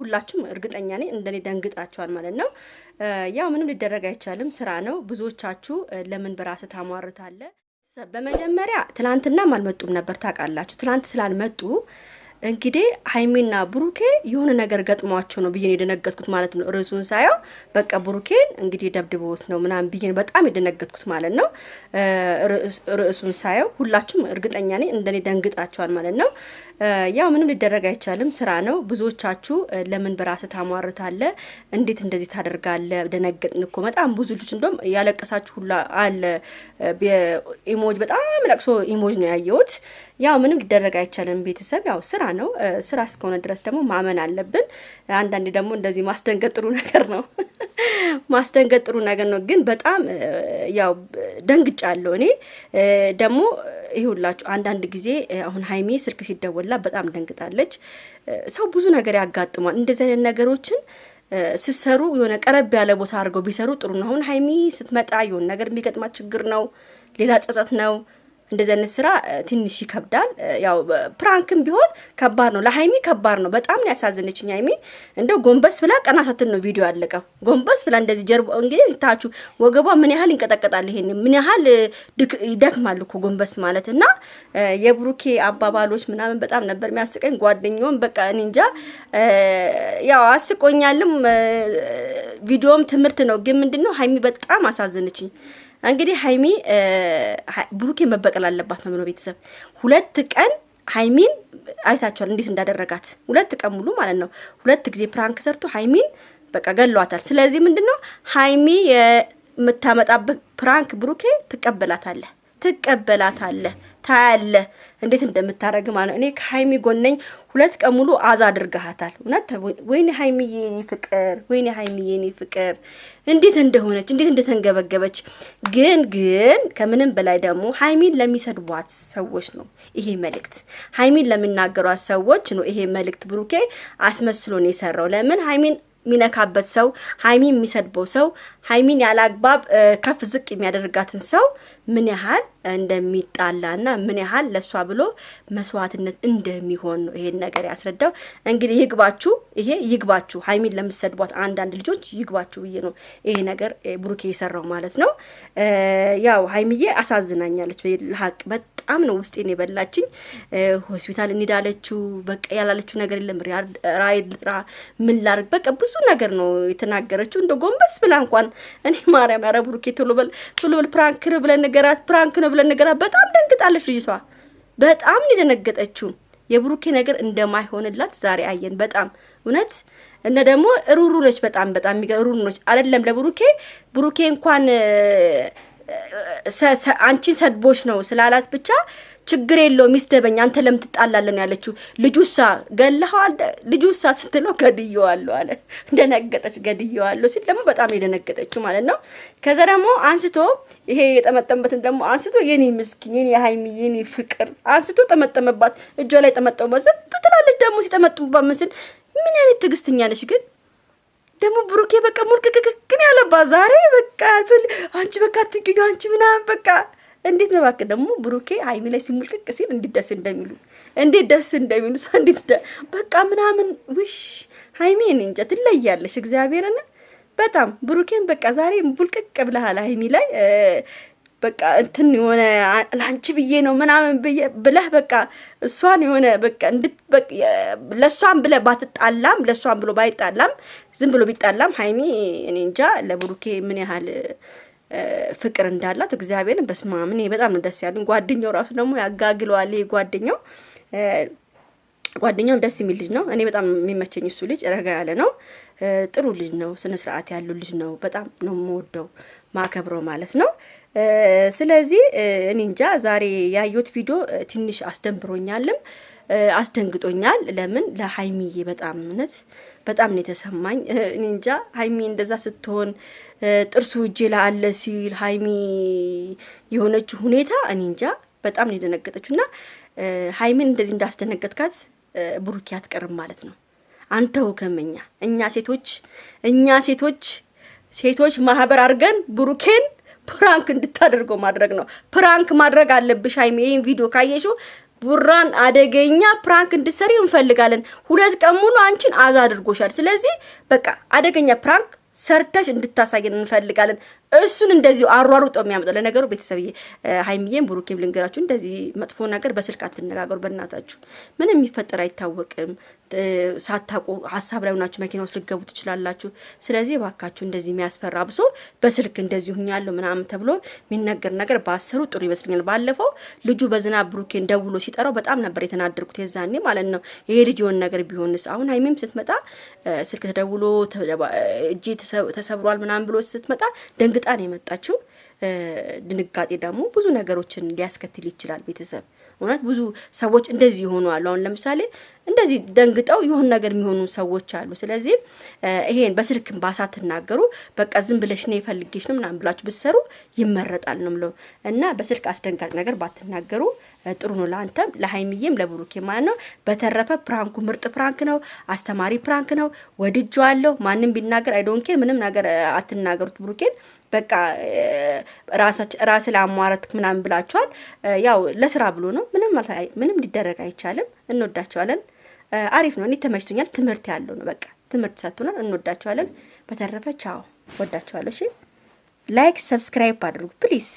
ሁላችሁም እርግጠኛ ነኝ እንደኔ ደንግጣችኋል ማለት ነው። ያው ምንም ሊደረግ አይቻልም፣ ስራ ነው። ብዙዎቻችሁ ለምን በራስ ታሟርታለ? በመጀመሪያ ትናንትናም አልመጡም ነበር ታውቃላችሁ። ትናንት ስላልመጡ እንግዲህ ሀይሚና ብሩኬ የሆነ ነገር ገጥሟቸው ነው ብዬን የደነገጥኩት ማለት ነው። ርዕሱን ሳየው በቃ ብሩኬን እንግዲህ ደብድበውት ነው ምናምን ብዬን በጣም የደነገጥኩት ማለት ነው። ርዕሱን ሳየው ሁላችሁም እርግጠኛ ነኝ እንደኔ ደንግጣቸዋል ማለት ነው። ያው ምንም ሊደረግ አይቻልም፣ ስራ ነው። ብዙዎቻችሁ ለምን በራስ ታሟርታለ እንዴት እንደዚህ ታደርጋለ? ደነገጥን እኮ በጣም ብዙ ልጅ እንደም ያለቀሳችሁ ሁላ አለ። ኢሞጅ በጣም ለቅሶ ኢሞጅ ነው ያየሁት። ያው ምንም ሊደረግ አይቻልም። ቤተሰብ ያው ስራ ነው። ስራ እስከሆነ ድረስ ደግሞ ማመን አለብን። አንዳንዴ ደግሞ እንደዚህ ማስደንገጥ ጥሩ ነገር ነው። ማስደንገጥ ጥሩ ነገር ነው። ግን በጣም ያው ደንግጫለሁ። እኔ ደግሞ ይሁላችሁ አንዳንድ ጊዜ አሁን ሀይሜ ስልክ ሲደወላ በጣም ደንግጣለች። ሰው ብዙ ነገር ያጋጥሟል። እንደዚህ አይነት ነገሮችን ስሰሩ የሆነ ቀረብ ያለ ቦታ አድርገው ቢሰሩ ጥሩ ነው። አሁን ሀይሚ ስትመጣ የሆነ ነገር የሚገጥማት ችግር ነው፣ ሌላ ጸጸት ነው እንደዚህ አይነት ስራ ትንሽ ይከብዳል። ያው ፕራንክም ቢሆን ከባድ ነው። ለሀይሚ ከባድ ነው። በጣም ነው ያሳዝነችኝ ሀይሚ። እንደው ጎንበስ ብላ ቀና ነው ቪዲዮ ያለቀው። ጎንበስ ብላ እንደዚህ ጀርባ እንግዲህ ታችሁ ወገቧ ምን ያህል ይንቀጠቀጣል። ይሄን ምን ያህል ይደክማል እኮ ጎንበስ ማለት እና የብሩኬ አባባሎች ምናምን በጣም ነበር የሚያስቀኝ። ጓደኛውም በቃ እኔ እንጃ ያው አስቆኛልም። ቪዲዮም ትምህርት ነው። ግን ምንድነው ሀይሚ በጣም አሳዘነችኝ። እንግዲህ ሀይሚ ብሩኬ መበቀል መቀጠል አለባት ነው ምነው ቤተሰብ ሁለት ቀን ሀይሚን አይታችኋል እንዴት እንዳደረጋት ሁለት ቀን ሙሉ ማለት ነው። ሁለት ጊዜ ፕራንክ ሰርቶ ሀይሚን በቃ ገሏታል። ስለዚህ ምንድነው ሀይሚ የምታመጣበት ፕራንክ ብሩኬ ትቀበላታለህ። ትቀበላታለህ። ታያለህ እንዴት እንደምታደርግ ማለት እኔ ከሀይሚ ጎነኝ ሁለት ቀን ሙሉ አዛ አድርገሃታል። እውነት ወይኔ ሀይሚ የኔ ፍቅር፣ ወይኔ ሀይሚ የኔ ፍቅር እንዴት እንደሆነች እንዴት እንደተንገበገበች። ግን ግን ከምንም በላይ ደግሞ ሀይሚን ለሚሰድቧት ሰዎች ነው ይሄ መልእክት፣ ሀይሚን ለሚናገሯት ሰዎች ነው ይሄ መልእክት። ብሩኬ አስመስሎ ነው የሰራው። ለምን ሀይሚን የሚነካበት ሰው ሀይሚን የሚሰድበው ሰው ሀይሚን ያለ አግባብ ከፍ ዝቅ የሚያደርጋትን ሰው ምን ያህል እንደሚጣላና ምን ያህል ለእሷ ብሎ መስዋዕትነት እንደሚሆን ነው ይሄን ነገር ያስረዳው። እንግዲህ ይግባችሁ፣ ይሄ ይግባችሁ፣ ሀይሚን ለምሰድቧት አንዳንድ ልጆች ይግባችሁ ብዬ ነው ይሄ ነገር ብሩኬ የሰራው ማለት ነው። ያው ሀይሚዬ አሳዝናኛለች ሀቅ በጣም ነው ውስጤን የበላችኝ። ሆስፒታል እንሄዳለችው በቃ ያላለችው ነገር የለም። ራይ ልጥራ ምን ላርግ በቃ ብዙ ነገር ነው የተናገረችው። እንደ ጎንበስ ብላ እንኳን እኔ ማርያም ኧረ ብሩኬ ቶሎ በል ቶሎ በል ፕራንክ ነው ብለን ነገራት፣ ፕራንክ ነው ብለን ነገራት። በጣም ደንግጣለች ልጅቷ፣ በጣም ነው የደነገጠችው። የብሩኬ ነገር እንደማይሆንላት ዛሬ አየን። በጣም እውነት እና ደግሞ ሩሩ ነች። በጣም በጣም የሚገርም ሩሩ ነች። አይደለም ለብሩኬ ብሩኬ እንኳን አንቺን ሰድቦች ነው ስላላት ብቻ ችግር የለውም ይስደበኝ፣ አንተ ለምን ትጣላለን ያለችው። ልጁሳ ገለኸዋል፣ ልጁሳ ስትለው ገድየዋለሁ አለ። ደነገጠች። ገድየዋለሁ ሲል ደግሞ በጣም የደነገጠችው ማለት ነው። ከዛ ደግሞ አንስቶ ይሄ የጠመጠመበትን ደግሞ አንስቶ የኔ ምስኪን፣ የኔ ሀይሚ፣ የኔ ፍቅር አንስቶ ጠመጠመባት። እጇ ላይ ጠመጠመ። ዝም ብትላለች ደግሞ ሲጠመጥሙባት። ምስል ምን አይነት ትዕግስተኛ ነች ግን ደግሞ ብሩኬ በቃ ሙልቅቅቅቅን ያለባት ዛሬ በቃ አንቺ በቃ ትግኙ አንቺ ምናምን በቃ እንዴት ነው እባክህ ደግሞ ብሩኬ ሀይሚ ላይ ሲሙልቅቅ ሲል እንዴት ደስ እንደሚሉ እንዴት ደስ እንደሚሉ እንዴት በቃ ምናምን ውሽ ሀይሚ እንጃ ትለያለሽ እግዚአብሔርን በጣም ብሩኬን በቃ ዛሬ ሙልቅቅ ብለሃል ሀይሚ ላይ በቃ እንትን የሆነ ለአንቺ ብዬ ነው ምናምን ብለህ በቃ እሷን የሆነ በቃ ለእሷን ብለህ ባትጣላም ለእሷን ብሎ ባይጣላም ዝም ብሎ ቢጣላም ሀይሚ እኔ እንጃ ለብሩኬ ምን ያህል ፍቅር እንዳላት እግዚአብሔርን በስማምን በጣም ነው ደስ ያለኝ። ጓደኛው ራሱ ደግሞ ያጋግለዋል። ይሄ ጓደኛው ጓደኛውም ደስ የሚል ልጅ ነው። እኔ በጣም የሚመቸኝ እሱ ልጅ ረጋ ያለ ነው። ጥሩ ልጅ ነው። ስነ ስርዓት ያለው ልጅ ነው። በጣም ነው የምወደው ማከብረው ማለት ነው። ስለዚህ እኔ እንጃ ዛሬ ያየሁት ቪዲዮ ትንሽ አስደንብሮኛልም አስደንግጦኛል። ለምን ለሀይሚዬ በጣም እውነት በጣም ነው የተሰማኝ። እኔ እንጃ ሀይሚ እንደዛ ስትሆን ጥርሱ እጄ ላይ አለ ሲል ሀይሚ የሆነች ሁኔታ እኔ እንጃ በጣም ነው የደነገጠችው። እና ሀይሚን እንደዚህ እንዳስደነገጥካት ብሩኬ አትቀርም ማለት ነው። አንተ ወከመኛ እኛ ሴቶች እኛ ሴቶች ሴቶች ማህበር አድርገን ብሩኬን ፕራንክ እንድታደርገው ማድረግ ነው። ፕራንክ ማድረግ አለብሽ ሀይሚ። ይህን ቪዲዮ ካየሽው ቡራን አደገኛ ፕራንክ እንድሰሪ እንፈልጋለን። ሁለት ቀን ሙሉ አንቺን አዛ አድርጎሻል። ስለዚህ በቃ አደገኛ ፕራንክ ሰርተሽ እንድታሳየን እንፈልጋለን። እሱን እንደዚሁ አሯሩጦ የሚያመጣው። ለነገሩ ቤተሰብዬ ሀይሚዬም ብሩኬም ልንገራችሁ፣ እንደዚህ መጥፎ ነገር በስልክ አትነጋገሩ። በእናታችሁ ምንም የሚፈጠር አይታወቅም። ሳታውቁ ሀሳብ ላይ ሆናችሁ መኪና ውስጥ ልገቡ ትችላላችሁ። ስለዚህ እባካችሁ እንደዚህ የሚያስፈራ ብሶ በስልክ እንደዚህ ሁኛለሁ ምናምን ተብሎ የሚነገር ነገር ባሰሩ ጥሩ ይመስለኛል። ባለፈው ልጁ በዝናብ ብሩኬን ደውሎ ሲጠራው በጣም ነበር የተናደርኩት፣ የዛኔ ማለት ነው። ይሄ ልጅ የሆን ነገር ቢሆንስ? አሁን ሀይሚም ስትመጣ ስልክ ተደውሎ እጅ ተሰብሯል ምናምን ብሎ ስትመጣ ደንግ ደንግጣ ነው የመጣችው። ድንጋጤ ደግሞ ብዙ ነገሮችን ሊያስከትል ይችላል ቤተሰብ እውነት ብዙ ሰዎች እንደዚህ ይሆኑ አሉ። አሁን ለምሳሌ እንደዚህ ደንግጠው የሆን ነገር የሚሆኑ ሰዎች አሉ። ስለዚህ ይሄን በስልክም ባሳትናገሩ በቃ ዝም ብለሽ ነው የፈልጌሽ ነው ምናምን ብላችሁ ብትሰሩ ይመረጣል ነው ምለው እና በስልክ አስደንጋጭ ነገር ባትናገሩ ጥሩ ነው፣ ለአንተም ለሀይሚዬም ለብሩኬ ማለት ነው። በተረፈ ፕራንኩ ምርጥ ፕራንክ ነው፣ አስተማሪ ፕራንክ ነው። ወድጆ አለው ማንም ቢናገር አይዶንኬን ምንም ነገር አትናገሩት ብሩኬን በቃ ራስ ለአሟረት ምናምን ብላችኋል። ያው ለስራ ብሎ ነው ምንም ሊደረግ አይቻልም። እንወዳቸዋለን። አሪፍ ነው። እኔ ተመችቶኛል። ትምህርት ያለው ነው። በቃ ትምህርት ሰጥቶናል። እንወዳቸዋለን። በተረፈ ቻው፣ ወዳቸዋለሁ። ላይክ ሰብስክራይብ አድርጉ ፕሊዝ።